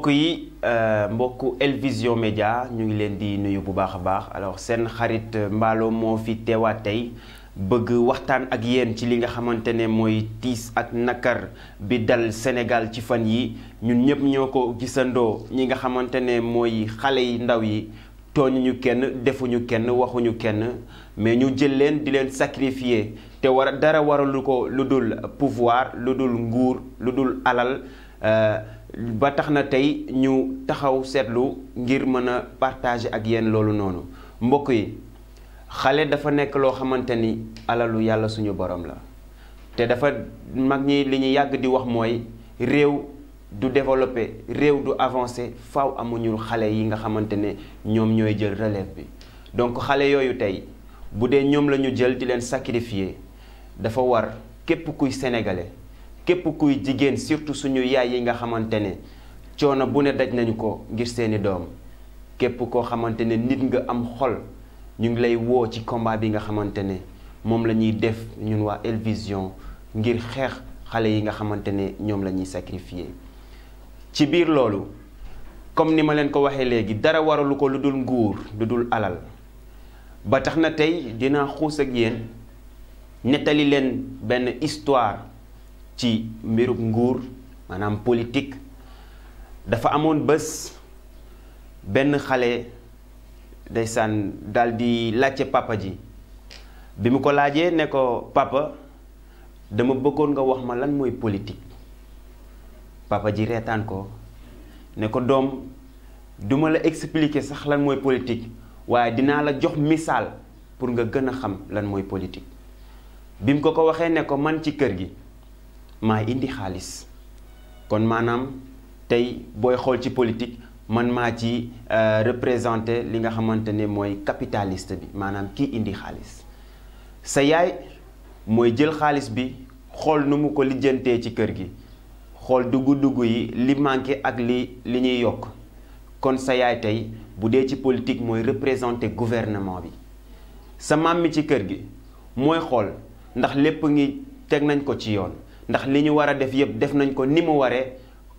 mbokk yi euh, mbokku Elvision Média ñu ngi leen di nuyu bu baax a baax alors seen xarit euh, Mballo moo fi teewaat tey bëgg waxtaan ak yéen ci li nga xamante ne mooy tiis ak nakar bi dal Sénégal ci fan yi ñun ñëpp ñoo ko gisandoo ñi nga xamante ne mooy xale yi ndaw yi tooñuñu kenn defuñu kenn waxuñu kenn mais ñu jël leen di leen sacrifier te war dara waralu ko lu dul pouvoir lu dul nguur lu dul alal. Euh, ba tax na tey ñu taxaw seetlu ngir mën a partager ak yéen loolu noonu mbokk yi xale dafa nekk loo xamante ni alalu yàlla suñu borom la te dafa mag ñi li ñu yàgg di wax mooy réew du développé réew du avancé faw amuñu xale yi nga xamante ne ñoom ñooy jël relève bi donc xale yooyu tey bu dee ñoom la ñu jël di leen sacrifier dafa war képp kuy sénégalais képp kuy jigéen surtout suñu yaay yi nga xamante ne coono bu ne daj nañu ko ngir seeni doom képp koo xamante ne nit nga am xol ñu ngi lay woo ci combat bi nga xamante ne moom la ñuy def ñun waa El ngir xeex xale yi nga xamante ne ñoom la ñuy sacrifier ci biir loolu comme ni ma leen ko waxee léegi dara waralu ko lu dul nguur lu dul alal ba tax na tey dina xuus ak yéen nettali leen benn histoire ci mbirub nguur maanaam politique dafa amoon bés benn xale ndeysaan daal di laajte papa ji bi mu ko laajee ne ko papa dama bëggoon nga wax ma lan mooy politique papa ji reetaan ko ne ko doom duma la expliquer sax lan mooy politique waaye dinaa la jox misaal pour nga gën a xam lan mooy politique bi mu ko ko waxee ne ko man ci kër gi maay indi xaalis kon maanaam tey booy xool ci politique man maa ci euh, représenté li nga xamante ne mooy capitaliste bi maanaam kii indi xaalis sa yaay mooy jël xaalis bi xool nu mu ko lijjantee ci kër gi xool dugg-dugg yi li manqué ak li li ñuy yokk kon sa yaay tey bu dee ci politique mooy représenté gouvernement bi sa maam mi ci kër gi mooy xool ndax lépp ngi teg nañ ko ci yoon ndax li ñu war a def yëpp def nañ ko ni mu waree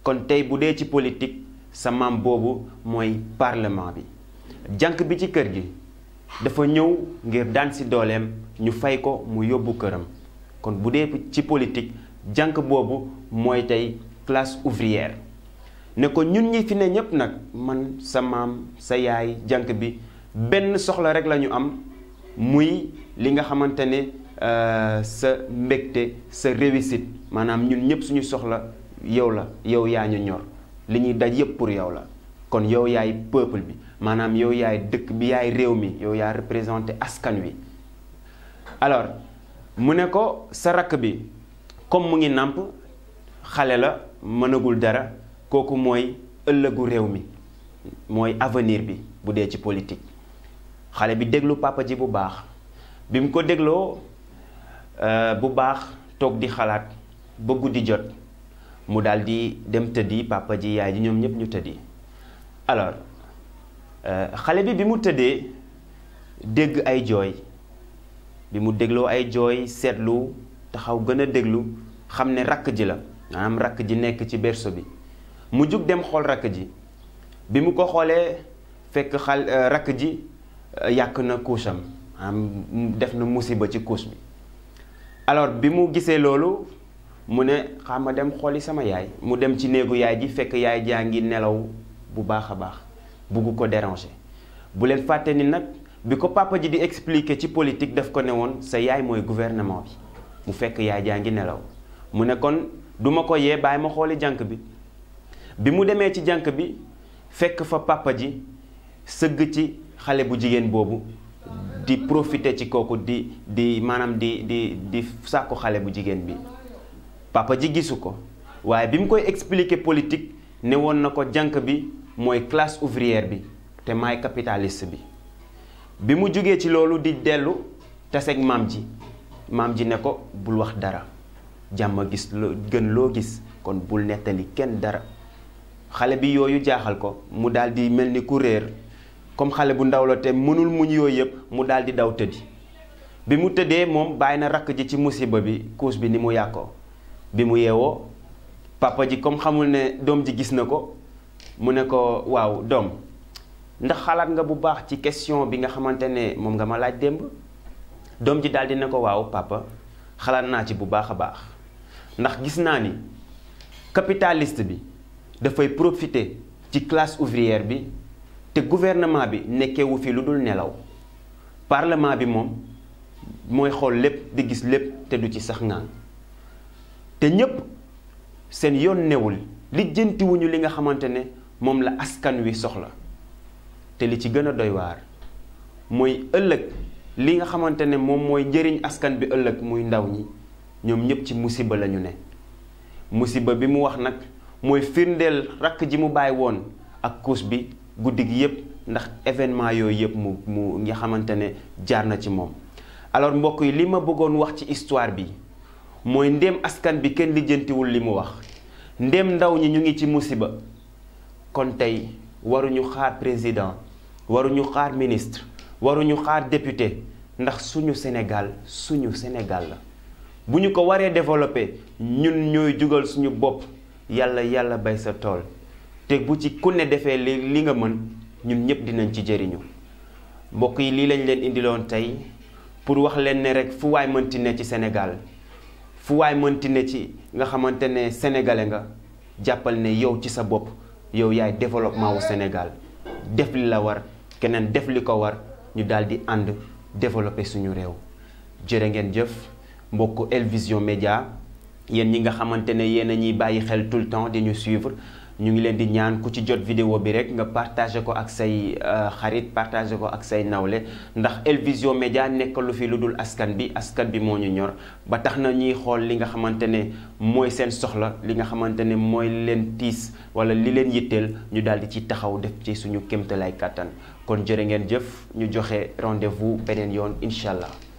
kon tey bu dee ci politique sa maam boobu mooy parlement bi jànq bi ci kër gi dafa ñëw ngir daan si dooleem ñu fay ko mu yóbbu këram kon bu dee ci politique jànq boobu mooy tey classe ouvrière ne ko ñun ñi fi ne ñépp nag man sa maam sa yaay jànq bi benn soxla rek lañu am muy li nga xamante ne Euh, sa mbégte sa réussite maanaam ñun ñëpp suñu soxla yow la yow yaa ñu ñor li ñuy daj yëpp pour yow la kon yow yaay peuple bi maanaam yow yaay dëkk bi yaay réew mi yow yaa représenté askan wi alors mu ne ko sa rakk bi comme mu ngi nàmp xale la mënagul dara kooku mooy ëllëgu réew mi mooy avenir bi bu dee ci politique xale bi déglu papa ji bu baax bi mu ko dégloo Euh, bu baax toog di xalaat ba guddi jot mu daal di dem tëddi papa ji yaay ji ñoom ñëpp ñu tëddi alors euh, xale bi bi mu tëddee dégg ay jooy bi mu dégloo ay jooy seetlu taxaw gën a déglu xam ne rakk ji la maanaam rakk ji nekk ci berso bi mu jug dem xool rakk ji bi mu ko xoolee fekk xal euh, rakk ji yàq na couche am maanaam def na musiba ci couche bi alors bi mu gisee loolu mu ne xam ma dem xooli sama yaay mu dem ci néegu yaay ji fekk yaay jaa ngi nelaw bu baax a baax bugg ko déranger bu leen fàtte ni nag bi ko papa ji di expliquer ci politique daf ko ne woon sa yaay mooy gouvernement bi mu fekk yaay jaa ngi nelaw mu ne kon duma ko yee bàyyi ma xooli jànq bi bi mu demee ci jànq bi fekk fa papa ji sëgg ci xale bu jigéen boobu di profiter ci kooku di di maanaam di di di sàkku xale bu jigéen bi papa ji gisu ko waaye bi mu koy expliquer politique ne woon na ko jànq bi mooy classe ouvrière bi te maay capitalist bi bi mu jógee ci loolu di dellu taseeg maam ji maam ji ne ko bul wax dara jàmm gis loo gën loo gis kon bul nettali kenn dara xale bi yooyu jaaxal ko mu daal mel ni ku réer comme xale bu ndaw la te mënul muñ yooyu yëpp mu daldi daw tëddi bi mu tëddee moom bàyyi na rakk ji ci musiba bi couche bi ni mu yàqoo bi mu yeewoo papa ji comme xamul ne doom ji gis na ko mu ne ko waaw doom ndax xalaat nga bu baax ci question bi nga xamante ne moom nga ma laaj démb doom ji daldi di ne ko waaw papa xalaat naa ci bu baax a baax ndax gis naa ni capitaliste bi dafay profiter ci classe ouvrière bi te gouvernement bi nekkewu fi lu dul nelaw parlement bi moom mooy xool lépp di gis lépp te du ci sax ngaan te ñépp seen yoon newul lijjantiwuñu li nga xamante ne moom la askan wi soxla te li ci gën a doy mooy ëllëg li nga xamante ne moom mooy njëriñ askan bi ëllëg muy ndaw ñi ñoom ñépp ci musiba lañu ne musiba bi mu wax nag mooy firndeel rakk ji mu bàyyi woon ak kuus bi guddi gi yëpp ndax événement yooyu yëpp mu mu nga xamante ne jaar na ci moom alors mbokk yi li ma bëggoon wax ci histoire bi mooy ndéem askan bi kenn lijjantiwul li mu wax ndéem ndaw ñi ñu ngi ci musiba kon tey waruñu xaar président waruñu xaar ministre waruñu xaar député ndax suñu Sénégal suñu Sénégal la bu ñu ko waree développé ñun ñooy jugal suñu bopp yàlla yàlla bay sa tool te bu ci ku ne defee li li nga mën ñun ñëpp dinañ ci jëriñu mbokk yi lii lañ leen indiloon tey pour wax leen ne rek fu waay mënti ne ci Sénégal fu mënti ne ci nga xamante ne sénégalais nga jàppal ne yow ci sa bopp yow yaay développement wu Sénégal def li la war keneen def li ko war ñu daal di ànd développer suñu réew jërë ngeen jëf mbokk El Vision Média yéen ñi nga xamante ne yéen a ñuy bàyyi xel tout le temps di ñu ñu ngi leen di ñaan ku ci jot vidéo bi rek nga partagé ko ak say euh, xarit partagé ko ak say nawle ndax El Vision Média lu fi lu dul askan bi askan bi moo ñu ñor ba tax na ñuy xool li nga xamante ne mooy seen soxla li nga xamante ne mooy leen tiis wala li leen yitteel ñu daal di ci taxaw def ci suñu kémtalaay kàttan kon jëre ngeen jëf ñu joxe rendez-vous beneen yoon incha allah